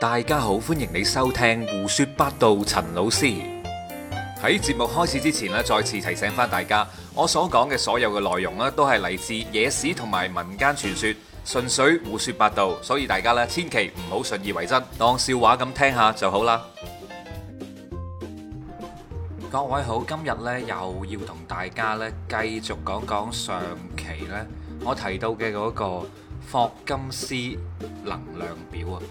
大家好，歡迎你收聽胡說八道。陳老師喺節目開始之前咧，再次提醒翻大家，我所講嘅所有嘅內容咧，都係嚟自野史同埋民間傳說，純粹胡說八道，所以大家咧千祈唔好信以為真，當笑話咁聽下就好啦。各位好，今日咧又要同大家咧繼續講講上期咧我提到嘅嗰個霍金斯能量表啊。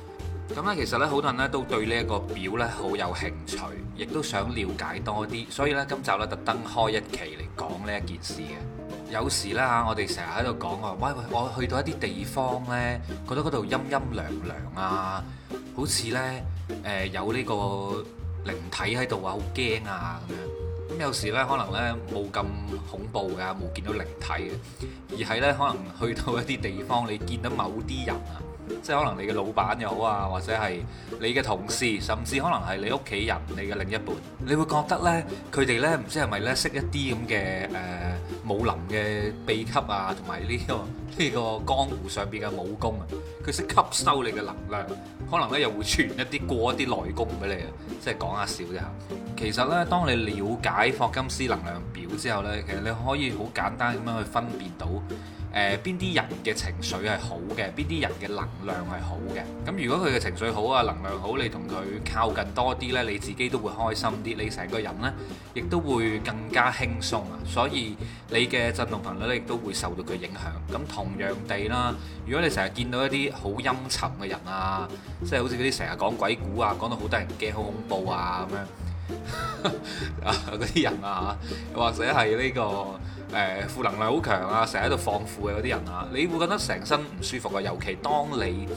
咁咧，其實咧，好多人咧都對呢一個表咧好有興趣，亦都想了解多啲。所以咧，今集咧特登開一期嚟講呢一件事嘅。有時啦，我哋成日喺度講話，喂，喂，我去到一啲地方咧，覺得嗰度陰陰涼涼啊，好似咧，誒，有呢個靈體喺度啊，好驚啊咁樣。咁有時咧，可能咧冇咁恐怖㗎，冇見到靈體嘅，而係咧，可能去到一啲地方，你見到某啲人啊。即係可能你嘅老闆又好啊，或者係你嘅同事，甚至可能係你屋企人、你嘅另一半，你會覺得呢，佢哋呢唔知係咪呢識一啲咁嘅誒武林嘅秘笈啊，同埋呢個呢、呢個江湖上邊嘅武功啊，佢識吸收你嘅能量，可能呢又會傳一啲過一啲內功俾你啊，即係講下笑啫吓。其實呢，當你了解霍金斯能量表之後呢，其實你可以好簡單咁樣去分辨到。誒邊啲人嘅情緒係好嘅，邊啲人嘅能量係好嘅。咁如果佢嘅情緒好啊，能量好，你同佢靠近多啲呢，你自己都會開心啲，你成個人呢亦都會更加輕鬆啊。所以你嘅震動頻率呢亦都會受到佢影響。咁同樣地啦，如果你成日見到一啲好陰沉嘅人啊，即係好似嗰啲成日講鬼故啊，講到好得人驚，好恐怖啊咁樣嗰啲 人啊或者係呢個。誒負、呃、能量好強啊，成日喺度放負嘅嗰啲人啊，你會覺得成身唔舒服啊。尤其當你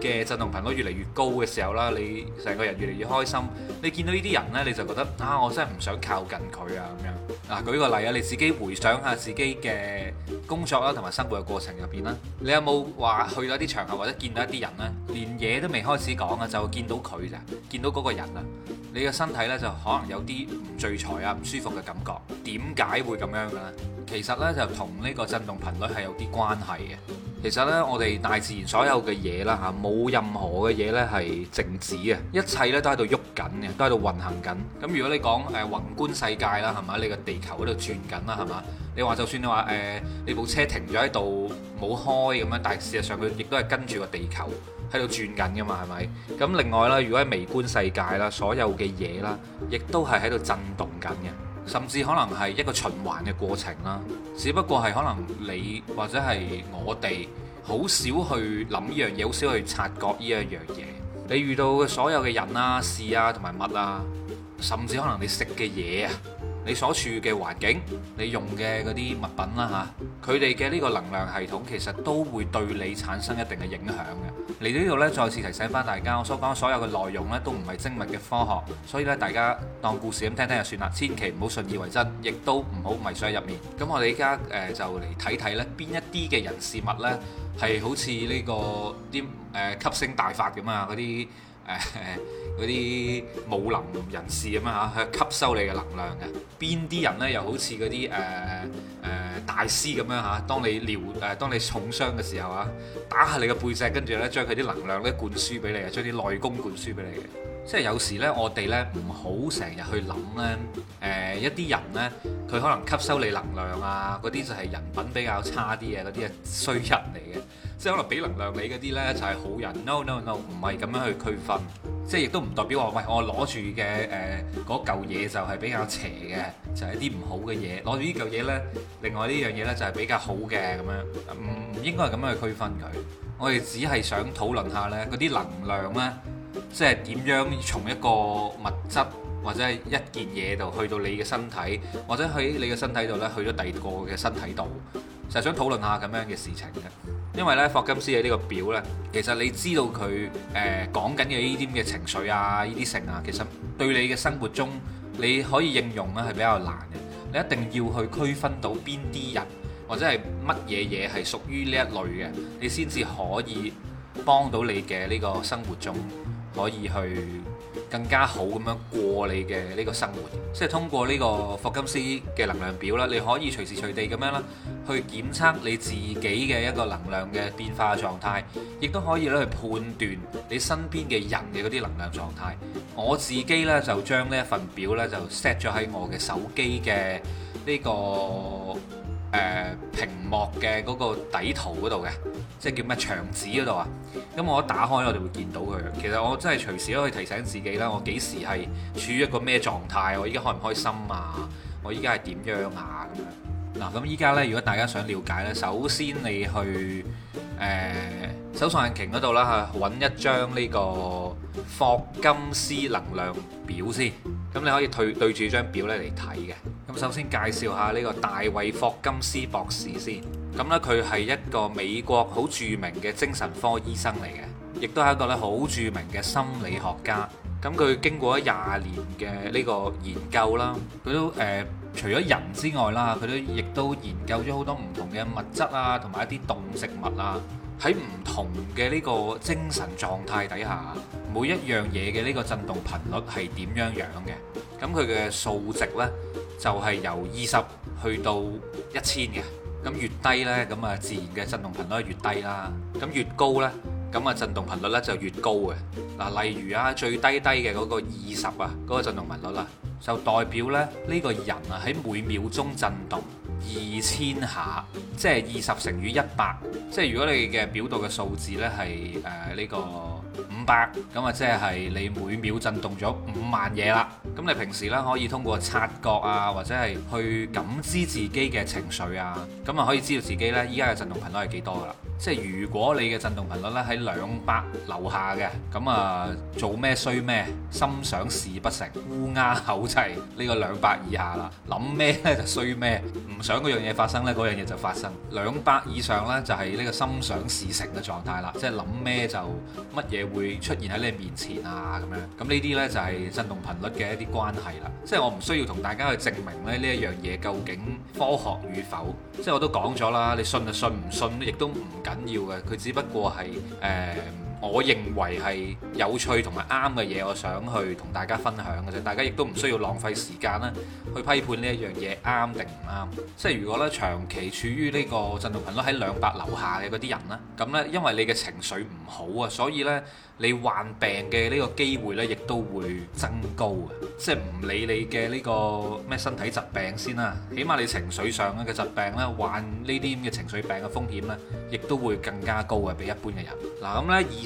嘅振動頻率越嚟越高嘅時候啦，你成個人越嚟越開心，你見到呢啲人呢，你就覺得啊，我真係唔想靠近佢啊咁樣。嗱、啊，舉個例啊，你自己回想下自己嘅工作啦、啊，同埋生活嘅過程入邊啦，你有冇話去到一啲場合或者見到一啲人呢，連嘢都未開始講啊，就見到佢咋，見到嗰個人啊，你嘅身體呢，就可能有啲唔聚財啊、唔舒服嘅感覺。點解會咁樣嘅咧？其實呢，就同呢個震動頻率係有啲關係嘅。其實呢，我哋大自然所有嘅嘢啦嚇，冇任何嘅嘢呢係靜止嘅，一切呢都喺度喐緊嘅，都喺度運行緊。咁如果你講誒宏觀世界啦，係咪？你個地球喺度轉緊啦，係嘛？你話就算你話誒、呃，你部車停咗喺度冇開咁樣，但係事實上佢亦都係跟住個地球喺度轉緊嘅嘛，係咪？咁另外呢，如果喺微觀世界啦，所有嘅嘢啦，亦都係喺度震動緊嘅。甚至可能係一個循環嘅過程啦，只不過係可能你或者係我哋好少去諗呢樣嘢，好少去察覺呢一樣嘢。你遇到嘅所有嘅人啊、事啊、同埋物啊，甚至可能你食嘅嘢啊。你所處嘅環境，你用嘅嗰啲物品啦嚇，佢哋嘅呢個能量系統其實都會對你產生一定嘅影響嘅。嚟到呢度呢，再次提醒翻大家，我所講所有嘅內容呢都唔係精密嘅科學，所以咧大家當故事咁聽聽就算啦，千祈唔好信以為真，亦都唔好迷上入面。咁我哋依家誒就嚟睇睇呢邊一啲嘅人事物呢、這個，係好似呢個啲誒吸星大法咁啊嗰啲。誒嗰啲武林人士咁樣嚇去吸收你嘅能量嘅，邊啲人呢？又好似嗰啲誒誒大師咁樣嚇，當你療誒、呃、當你重傷嘅時候啊，打下你嘅背脊，跟住咧將佢啲能量咧灌輸俾你，將啲內功灌輸俾你嘅。即係有時呢，我哋呢唔好成日去諗呢。誒、呃、一啲人呢，佢可能吸收你能量啊，嗰啲就係人品比較差啲嘅，嗰啲係衰人嚟嘅。即係可能俾能量你嗰啲呢，就係好人。No no no，唔係咁樣去區分，即係亦都唔代表話喂我攞住嘅誒嗰嚿嘢就係比較邪嘅，就係啲唔好嘅嘢。攞住呢嚿嘢呢，另外呢樣嘢呢，就係比較好嘅咁樣，唔、嗯、唔應該係咁樣去區分佢。我哋只係想討論下呢嗰啲能量呢，即係點樣從一個物質或者係一件嘢度去到你嘅身體，或者去你嘅身體度呢，去咗第二個嘅身體度，就係、是、想討論下咁樣嘅事情嘅。因為咧，霍金斯嘅呢個表咧，其實你知道佢誒講緊嘅呢啲嘅情緒啊、呢啲情啊，其實對你嘅生活中你可以應用咧係比較難嘅。你一定要去區分到邊啲人或者係乜嘢嘢係屬於呢一類嘅，你先至可以幫到你嘅呢個生活中。可以去更加好咁樣過你嘅呢個生活，即係通過呢個霍金斯嘅能量表啦，你可以隨時隨地咁樣啦，去檢測你自己嘅一個能量嘅變化狀態，亦都可以咧去判斷你身邊嘅人嘅嗰啲能量狀態。我自己呢，就將呢一份表呢、這個，就 set 咗喺我嘅手機嘅呢個誒屏幕嘅嗰個底圖嗰度嘅。即係叫咩牆紙嗰度啊？咁我一打開我哋會見到佢。其實我真係隨時都可以提醒自己啦。我幾時係處於一個咩狀態？我依家開唔開心啊？我依家係點樣啊？咁樣嗱。咁依家呢，如果大家想了解呢，首先你去誒搜尋引擎嗰度啦，揾一張呢個霍金斯能量表先。咁你可以對對住張表呢嚟睇嘅。咁首先介紹下呢個大衛霍金斯博士先。咁咧，佢係一個美國好著名嘅精神科醫生嚟嘅，亦都係一個咧好著名嘅心理學家。咁佢經過咗廿年嘅呢個研究啦，佢都誒、呃、除咗人之外啦，佢都亦都研究咗好多唔同嘅物質啊，同埋一啲動植物啊，喺唔同嘅呢個精神狀態底下，每一樣嘢嘅呢個震動頻率係點樣樣嘅？咁佢嘅數值呢，就係由二十去到一千嘅。咁越低呢，咁啊自然嘅震動頻率越低啦。咁越高呢，咁啊震動頻率呢就越高嘅。嗱，例如啊最低低嘅嗰個二十啊，嗰個振動頻率啦，就代表呢呢個人啊喺每秒鐘震動二千下，即係二十乘以一百。即係如果你嘅表度嘅數字呢，係誒呢個。百咁啊，200，即係你每秒震動咗五萬嘢啦。咁你平時呢，可以通過察覺啊，或者係去感知自己嘅情緒啊，咁啊，可以知道自己呢，依家嘅震動頻率係幾多噶啦。即係如果你嘅震動頻率呢喺兩百樓下嘅，咁啊做咩衰咩，心想事不成，烏鴉口齊呢、呢個兩百以下啦，諗咩呢？就衰咩，唔想嗰樣嘢發生呢，嗰樣嘢就發生。兩百以上呢，就係、是、呢個心想事成嘅狀態啦，即係諗咩就乜嘢會出現喺你面前啊咁樣，咁呢啲呢就係振動頻率嘅一啲關係啦。即係我唔需要同大家去證明咧呢一樣嘢究竟科學與否。即係我都講咗啦，你信就信，信，唔信亦都唔緊要嘅。佢只不過係誒。呃我認為係有趣同埋啱嘅嘢，我想去同大家分享嘅啫。大家亦都唔需要浪費時間啦，去批判呢一樣嘢啱定唔啱。即係如果咧長期處於呢個振動頻率喺兩百樓下嘅嗰啲人呢，咁呢因為你嘅情緒唔好啊，所以呢你患病嘅呢個機會呢亦都會增高啊！即係唔理你嘅呢個咩身體疾病先啦，起碼你情緒上嘅疾病呢，患呢啲咁嘅情緒病嘅風險呢，亦都會更加高啊。比一般嘅人嗱咁呢。以。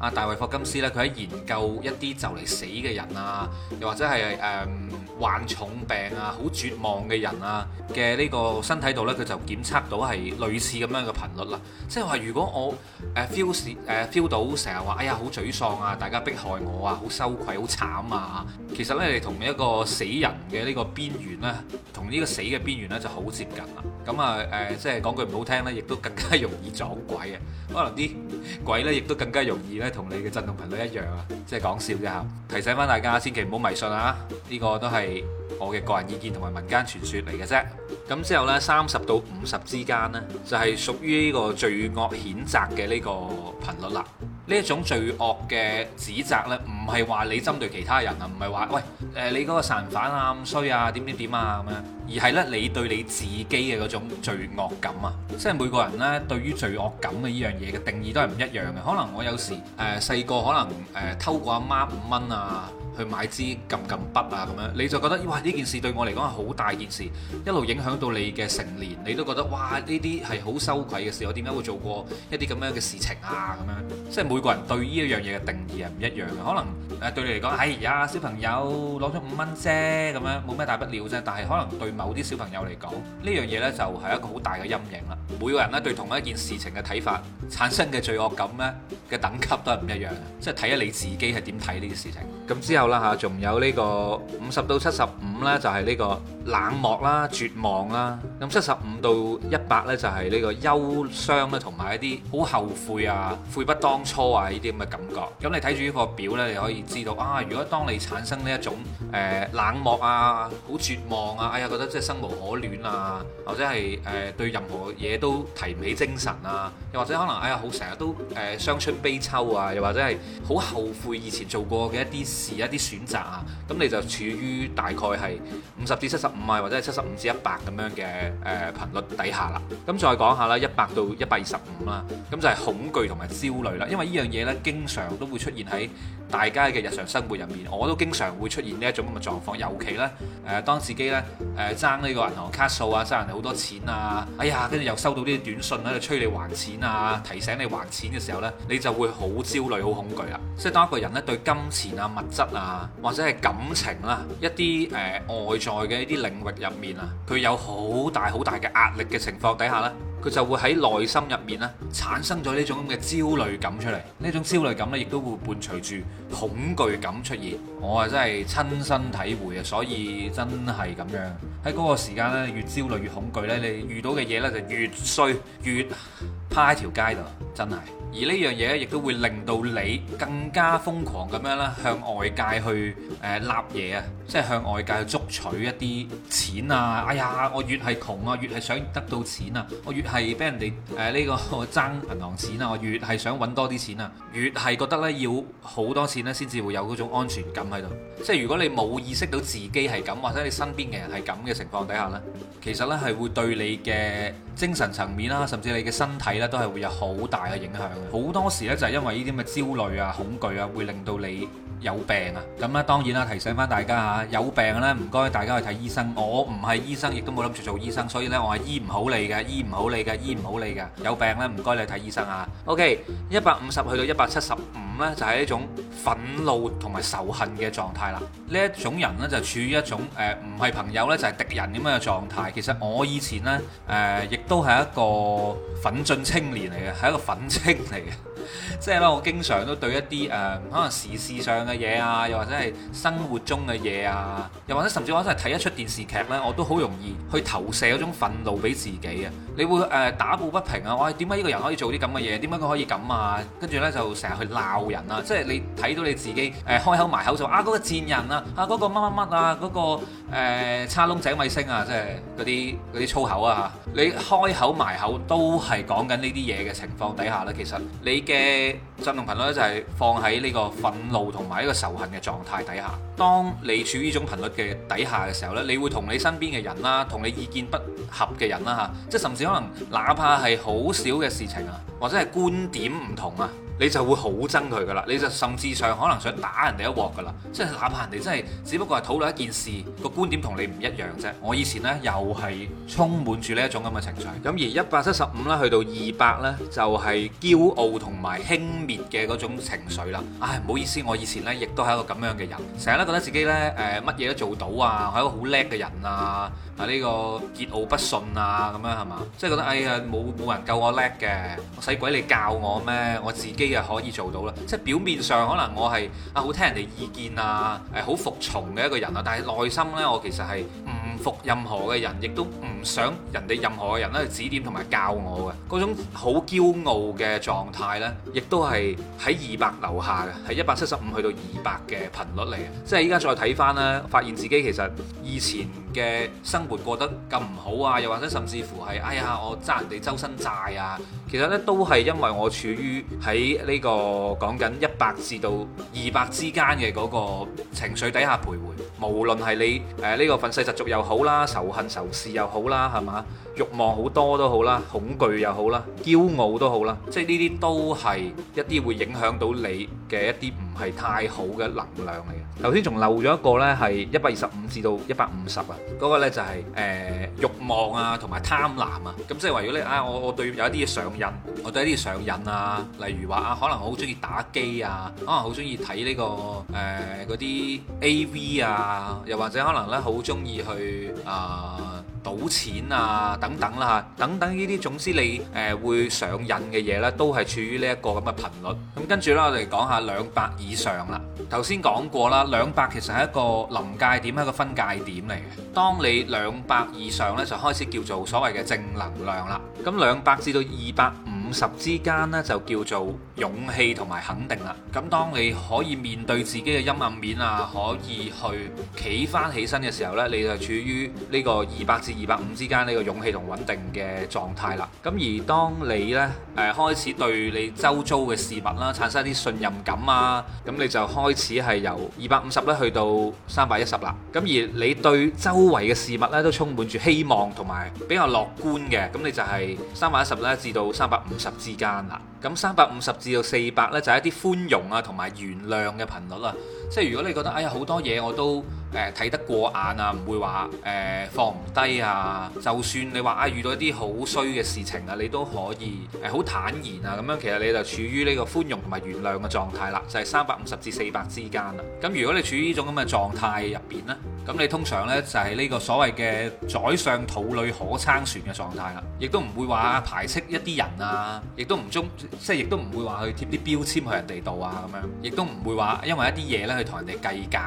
阿大衛霍金斯咧，佢喺研究一啲就嚟死嘅人啊，又或者係誒、嗯、患重病啊、好絕望嘅人啊嘅呢個身體度咧，佢就檢測到係類似咁樣嘅頻率啦。即係話，如果我誒 feel 是 feel 到成日話哎呀好沮喪啊，大家迫害我啊，好羞愧、好慘啊，其實咧你同一個死人嘅呢個邊緣咧，同呢個死嘅邊緣咧就好接近啦。咁啊誒，即係講句唔好聽咧，亦都更加容易撞鬼啊。可能啲鬼咧，亦都更加容易咧。同你嘅震動頻率一樣啊，即係講笑啫嚇！提醒返大家，千祈唔好迷信啊！呢個都係我嘅個人意見同埋民間傳說嚟嘅啫。咁之後呢，三十到五十之間呢，就係、是、屬於呢個罪惡譴責嘅呢個頻率啦。呢一種罪惡嘅指責呢，唔係話你針對其他人啊，唔係話喂誒你嗰個殺人犯啊咁衰啊點點點啊咁樣，而係呢，你對你自己嘅嗰種罪惡感啊，即係每個人呢對於罪惡感嘅呢樣嘢嘅定義都係唔一樣嘅。可能我有時誒細個可能誒、呃、偷過阿媽五蚊啊。去買支撳撳筆啊咁樣，你就覺得哇呢件事對我嚟講係好大件事，一路影響到你嘅成年，你都覺得哇呢啲係好羞愧嘅事，我點解會做過一啲咁樣嘅事情啊咁樣？即係每個人對呢一樣嘢嘅定義係唔一樣嘅，可能誒對你嚟講，哎呀小朋友攞咗五蚊啫咁樣，冇咩大不了啫，但係可能對某啲小朋友嚟講，呢樣嘢呢就係一個好大嘅陰影啦。每個人咧對同一件事情嘅睇法產生嘅罪惡感咧嘅等級都係唔一樣，即係睇下你自己係點睇呢啲事情。咁之後啦嚇，仲有呢個五十到七十五呢，就係、是、呢個冷漠啦、啊、絕望啦、啊。咁七十五到一百呢，就係、是、呢個憂傷啦、啊，同埋一啲好後悔啊、悔不當初啊呢啲咁嘅感覺。咁你睇住呢個表呢，你可以知道啊，如果當你產生呢一種誒、呃、冷漠啊、好絕望啊，哎呀覺得真係生無可戀啊，或者係誒、呃、對任何嘢，都提唔起精神啊，又或者可能哎呀好成日都誒傷、呃、春悲秋啊，又或者係好後悔以前做過嘅一啲事一啲選擇啊，咁你就處於大概係五十至七十五啊，或者係七十五至一百咁樣嘅誒頻率底下啦。咁再講下啦，一百到一百二十五啦，咁就係恐懼同埋焦慮啦。因為呢樣嘢咧，經常都會出現喺大家嘅日常生活入面，我都經常會出現呢一種咁嘅狀況，尤其咧誒、呃、當自己咧誒爭呢、呃、個銀行卡數啊，爭人哋好多錢啊，哎呀，跟住又收。到啲短信呢，催你還錢啊，提醒你還錢嘅時候呢，你就會好焦慮、好恐懼啦。即係當一個人呢對金錢啊、物質啊，或者係感情啊，一啲誒、呃、外在嘅一啲領域入面啊，佢有好大好大嘅壓力嘅情況底下呢，佢就會喺內心入面咧產生咗呢種咁嘅焦慮感出嚟，呢種焦慮感咧亦都會伴隨住恐懼感出現。我啊真係親身體會啊，所以真係咁樣喺嗰個時間咧，越焦慮越恐懼咧，你遇到嘅嘢咧就越衰越趴喺條街度，真係。而呢樣嘢咧，亦都會令到你更加瘋狂咁樣啦，向外界去誒攬嘢啊，即係向外界去捉取一啲錢啊。哎呀，我越係窮啊，越係想得到錢啊。我越係俾人哋誒呢個爭銀行錢啊，我越係想揾多啲錢啊，越係覺得呢要好多錢呢先至會有嗰種安全感喺度。即係如果你冇意識到自己係咁，或者你身邊嘅人係咁嘅情況底下呢，其實呢係會對你嘅精神層面啦，甚至你嘅身體都係會有好大嘅影響，好多時咧就係因為呢啲咁嘅焦慮啊、恐懼啊，會令到你有病啊。咁咧當然啦，提醒翻大家啊，有病咧唔該，大家去睇醫生。我唔係醫生，亦都冇諗住做醫生，所以咧我係醫唔好你嘅，醫唔好你嘅，醫唔好你嘅。有病咧唔該你去睇醫生啊。OK，一百五十去到一百七十五咧，就係一種憤怒同埋仇恨嘅狀態啦。呢一種人咧就處於一種誒唔係朋友咧就係敵人咁樣嘅狀態。其實我以前咧誒、呃、亦都係一個憤進。青年嚟嘅，係一個粉青嚟嘅。即係咧，我經常都對一啲誒、呃，可能時事上嘅嘢啊，又或者係生活中嘅嘢啊，又或者甚至我真係睇一出電視劇呢，我都好容易去投射嗰種憤怒俾自己啊！你會誒、呃、打抱不平啊！我點解呢個人可以做啲咁嘅嘢？點解佢可以咁啊？跟住呢就成日去鬧人啊！即係你睇到你自己誒、呃，開口埋口就啊，嗰個賤人啊，啊嗰個乜乜乜啊，嗰個誒、呃、叉窿仔米星啊，即係嗰啲嗰啲粗口啊！你開口埋口都係講緊呢啲嘢嘅情況底下咧，其實你嘅震動頻率咧，就係放喺呢個憤怒同埋呢個仇恨嘅狀態底下。當你處於呢種頻率嘅底下嘅時候呢，你會同你身邊嘅人啦，同你意見不合嘅人啦嚇，即係甚至可能哪怕係好少嘅事情啊。或者係觀點唔同啊，你就會好憎佢噶啦，你就甚至上可能想打人哋一鑊噶啦，即係哪怕人哋真係只不過係討論一件事，個觀點同你唔一樣啫。我以前呢，又係充滿住呢一種咁嘅情緒，咁而一百七十五啦，去到二百呢，就係驕傲同埋輕蔑嘅嗰種情緒啦。唉，唔好意思，我以前呢，亦都係一個咁樣嘅人，成日都覺得自己呢，誒乜嘢都做到啊，係一個好叻嘅人啊。啊！呢、這個桀驁不馴啊，咁樣係嘛？即係覺得哎呀，冇冇人夠我叻嘅，我使鬼嚟教我咩？我自己就可以做到啦。即係表面上可能我係啊好聽人哋意見啊，誒好服從嘅一個人啊，但係內心呢，我其實係唔服任何嘅人，亦都唔想人哋任何嘅人咧、啊、指點同埋教我嘅嗰種好驕傲嘅狀態呢，亦都係喺二百以下嘅，係一百七十五去到二百嘅頻率嚟嘅。即係依家再睇返咧，發現自己其實以前嘅生活過得咁唔好啊，又或者甚至乎係，哎呀，我爭人哋周身債啊！其實咧，都係因為我處於喺呢個講緊一百至到二百之間嘅嗰個情緒底下徘徊，無論係你誒呢個憤世嫉俗又好啦，仇恨仇視又好啦，係嘛，欲望好多都好啦，恐懼又好啦，驕傲都好啦，即係呢啲都係一啲會影響到你嘅一啲唔係太好嘅能量嚟嘅。頭先仲漏咗一個咧，係一百二十五至到一百五十啊，嗰個咧就係誒欲望啊，同埋貪婪啊，咁即係話如果你啊，我我對有一啲嘢上癮。我對啲上癮啊，例如話啊，可能我好中意打機啊，可能好中意睇呢個誒嗰啲 AV 啊，又或者可能呢好中意去啊。呃賭錢啊，等等啦、啊、嚇，等等呢啲，總之你誒、呃、會上癮嘅嘢呢，都係處於呢一個咁嘅頻率。咁跟住咧，我哋講下兩百以上啦。頭先講過啦，兩百其實係一個臨界點，係一個分界點嚟嘅。當你兩百以上呢，就開始叫做所謂嘅正能量啦。咁兩百至到二百十之間呢，就叫做勇氣同埋肯定啦。咁當你可以面對自己嘅陰暗面啊，可以去企翻起身嘅時候呢，你就處於呢個二百至二百五之間呢個勇氣同穩定嘅狀態啦。咁而當你呢誒、呃、開始對你周遭嘅事物啦產生一啲信任感啊，咁你就開始係由二百五十咧去到三百一十啦。咁而你對周圍嘅事物呢，都充滿住希望同埋比較樂觀嘅，咁你就係三百一十咧至到三百五十，十之間啦，咁三百五十至到四百呢，就係一啲寬容啊同埋原諒嘅頻率啊，即係如果你覺得哎呀好多嘢我都誒、呃、睇得過眼啊，唔會話誒、呃、放唔低啊，就算你話啊遇到一啲好衰嘅事情啊，你都可以誒、呃、好坦然啊咁樣，其實你就處於呢個寬容同埋原諒嘅狀態啦，就係三百五十至四百之間啦。咁如果你處於呢種咁嘅狀態入邊呢，咁你通常咧就係、是、呢個所謂嘅宰相肚裏可撐船嘅狀態啦，亦都唔會話排斥一啲人啊，亦都唔中，即係亦都唔會話去貼啲標籤去人哋度啊咁樣，亦都唔會話因為一啲嘢咧去同人哋計較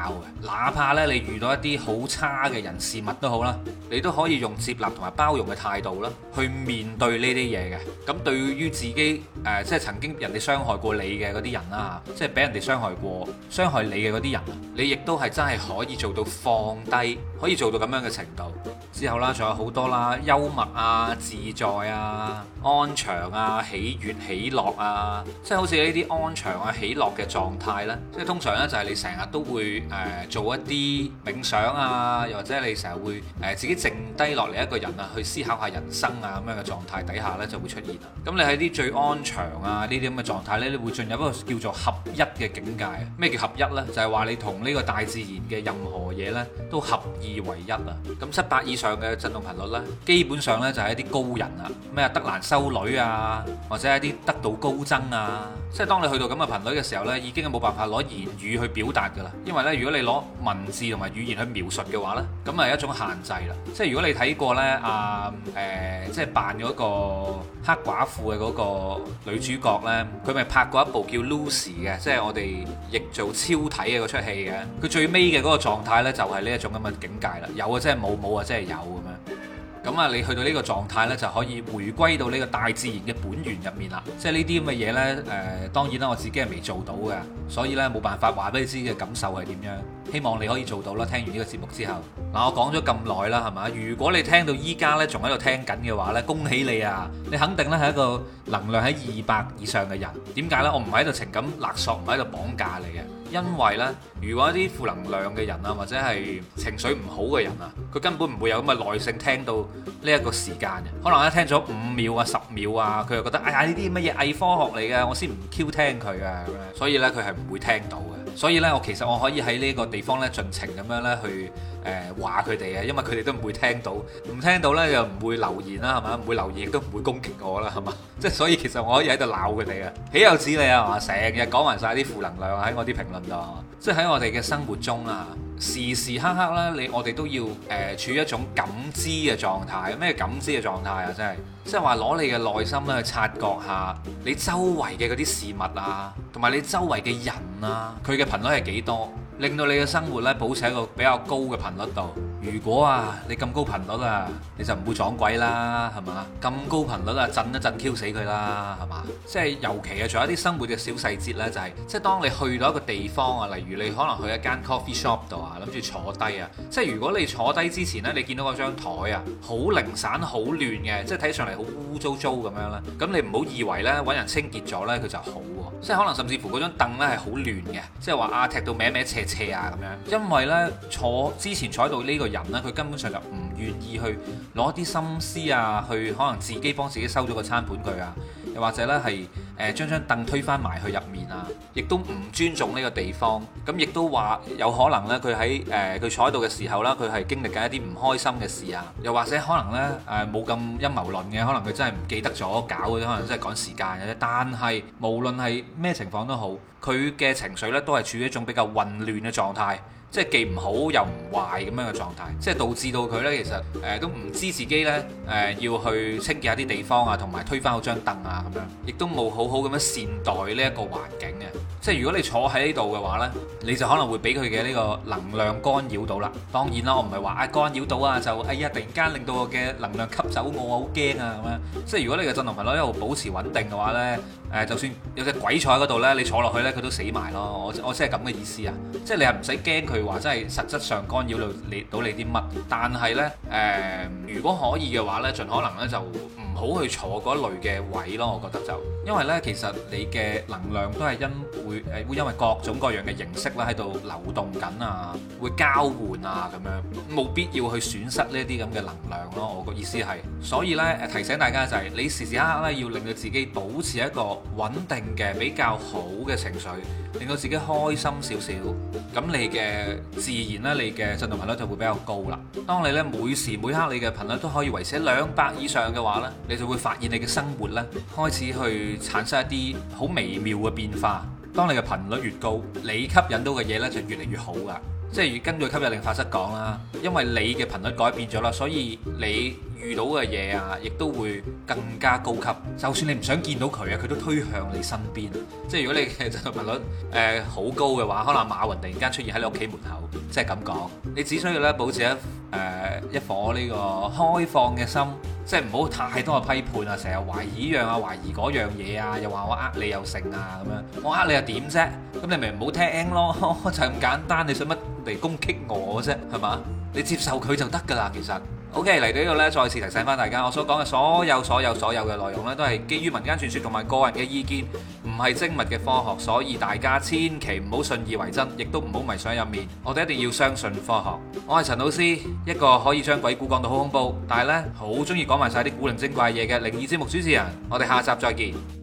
嘅，哪怕咧你遇到一啲好差嘅人事物都好啦，你都可以用接納同埋包容嘅態度啦去面對呢啲嘢嘅。咁、嗯、對於自己誒、呃、即係曾經人哋傷害過你嘅嗰啲人啊，即係俾人哋傷害過傷害你嘅嗰啲人，你亦都係真係可以做到放。降低可以做到咁樣嘅程度。之後啦，仲有好多啦，幽默啊、自在啊、安詳啊、喜悅喜樂啊，即係好似呢啲安詳啊、喜樂嘅狀態咧，即係通常呢，就係、是、你成日都會誒、呃、做一啲冥想啊，又或者你成日會誒、呃、自己靜低落嚟一個人啊，去思考下人生啊咁樣嘅狀態底下呢就會出現啊。咁你喺啲最安詳啊呢啲咁嘅狀態呢，你會進入一個叫做合一嘅境界。咩叫合一呢？就係、是、話你同呢個大自然嘅任何嘢呢，都合二為一啊。咁七百以上嘅振動頻率咧，基本上咧就係一啲高人啊，咩啊德蘭修女啊，或者一啲得道高僧啊，即係當你去到咁嘅頻率嘅時候咧，已經係冇辦法攞言語去表達噶啦，因為咧如果你攞文字同埋語言去描述嘅話咧，咁係一種限制啦。即係如果你睇過咧啊誒、呃，即係扮咗個黑寡婦嘅嗰個女主角咧，佢咪拍過一部叫 Lucy 嘅，即係我哋譯做超體嘅嗰出戲嘅，佢最尾嘅嗰個狀態咧就係呢一種咁嘅境界啦。有啊，即係冇冇啊，即係有。有。咁啊，你去到呢個狀態呢，就可以回歸到呢個大自然嘅本源入面啦。即係呢啲咁嘅嘢呢，誒、呃、當然啦，我自己係未做到嘅，所以呢，冇辦法話俾你知嘅感受係點樣。希望你可以做到啦。聽完呢個節目之後，嗱我講咗咁耐啦，係嘛？如果你聽到依家呢，仲喺度聽緊嘅話呢，恭喜你啊！你肯定呢係一個能量喺二百以上嘅人。點解呢？我唔喺度情感勒索，唔喺度綁架你嘅。因為咧，如果一啲負能量嘅人啊，或者係情緒唔好嘅人啊，佢根本唔會有咁嘅耐性聽到呢一個時間嘅，可能一聽咗五秒啊、十秒啊，佢就覺得哎呀，呢啲乜嘢偽科學嚟嘅，我先唔 Q 聽佢啊，所以咧佢係唔會聽到。所以咧，我其實我可以喺呢個地方咧盡情咁樣咧去誒話佢哋嘅，因為佢哋都唔會聽到，唔聽到咧又唔會留言啦，係嘛？唔會留言亦都唔會攻擊我啦，係嘛？即 係所以其實我可以喺度鬧佢哋啊，豈有此理啊！係嘛？成日講埋晒啲負能量喺我啲評論度，即係喺我哋嘅生活中啊。時時刻刻啦，你我哋都要誒、呃、處於一種感知嘅狀態。咩感知嘅狀態啊？真係，即係話攞你嘅內心咧去察覺下你周圍嘅嗰啲事物啊，同埋你周圍嘅人啊，佢嘅頻率係幾多，令到你嘅生活咧保持喺一個比較高嘅頻率度。如果啊，你咁高頻率啊，你就唔會撞鬼啦，係嘛？咁高頻率啊，震一震 Q 死佢啦，係嘛？即係尤其啊，仲有啲生活嘅小細節咧，就係、是、即係當你去到一個地方啊，例如你可能去一間 coffee shop 度啊，諗住坐低啊，即係如果你坐低之前咧，你見到張台啊，好零散、好亂嘅，即係睇上嚟好污糟糟咁樣啦，咁你唔好以為咧揾人清潔咗咧佢就好喎，即係可能甚至乎張凳咧係好亂嘅，即係話啊踢到歪歪斜斜啊咁樣，因為咧坐之前坐喺度呢個。人咧，佢根本上就唔願意去攞啲心思啊，去可能自己幫自己收咗個餐盤佢啊，又或者呢係誒將張凳推返埋去入面啊，亦都唔尊重呢個地方。咁亦都話有可能呢，佢喺誒佢坐喺度嘅時候啦，佢係經歷緊一啲唔開心嘅事啊，又或者可能呢誒冇咁陰謀論嘅，可能佢真係唔記得咗搞嗰，可能真係趕時間嘅啫。但係無論係咩情況都好，佢嘅情緒呢都係處於一種比較混亂嘅狀態。即係既唔好又唔壞咁樣嘅狀態，即係導致到佢呢其實誒、呃、都唔知自己呢誒、呃、要去清潔一下啲地方啊，同埋推翻嗰張凳啊咁樣，亦都冇好好咁樣善待呢一個環境嘅。即係如果你坐喺呢度嘅話呢，你就可能會俾佢嘅呢個能量干擾到啦。當然啦，我唔係話啊干擾到啊就哎呀，突然間令到我嘅能量吸走我好驚啊咁樣。即係如果你嘅振動頻率一路保持穩定嘅話呢。誒、呃，就算有隻鬼坐喺嗰度呢，你坐落去呢，佢都死埋咯。我我先係咁嘅意思啊，即係你係唔使驚佢話，真係實質上干擾到你到你啲乜。但係呢，誒、呃，如果可以嘅話呢，盡可能呢就。好去坐嗰類嘅位咯，我覺得就因為咧，其實你嘅能量都係因會誒會因為各種各樣嘅形式啦喺度流動緊啊，會交換啊咁樣，冇必要去損失呢一啲咁嘅能量咯。我個意思係，所以咧誒提醒大家就係你時時刻刻咧要令到自己保持一個穩定嘅比較好嘅情緒，令到自己開心少少，咁你嘅自然咧你嘅振動頻率就會比較高啦。當你咧每時每刻你嘅頻率都可以維持兩百以上嘅話咧。你就會發現你嘅生活咧，開始去產生一啲好微妙嘅變化。當你嘅頻率越高，你吸引到嘅嘢咧就越嚟越好㗎。即係根據吸引力法則講啦，因為你嘅頻率改變咗啦，所以你遇到嘅嘢啊，亦都會更加高級。就算你唔想見到佢啊，佢都推向你身邊。即係如果你嘅頻率誒好高嘅話，可能馬雲突然間出現喺你屋企門口。即係咁講，你只需要咧保持一誒一顆呢個開放嘅心，即係唔好太多嘅批判啊，成日懷疑呢樣啊，懷疑嗰樣嘢啊，又話我呃你又成啊咁樣，我呃你又點啫？咁你咪唔好聽咯，就係咁簡單。你使乜嚟攻擊我啫？係嘛？你接受佢就得㗎啦，其實。OK，嚟到呢度呢，再次提醒翻大家，我所講嘅所有、所有、所有嘅內容呢，都係基於民間傳說同埋個人嘅意見，唔係精密嘅科學，所以大家千祈唔好信以為真，亦都唔好迷上入面。我哋一定要相信科學。我係陳老師，一個可以將鬼故講到好恐怖，但係呢，好中意講埋晒啲古靈精怪嘢嘅靈異節目主持人。我哋下集再見。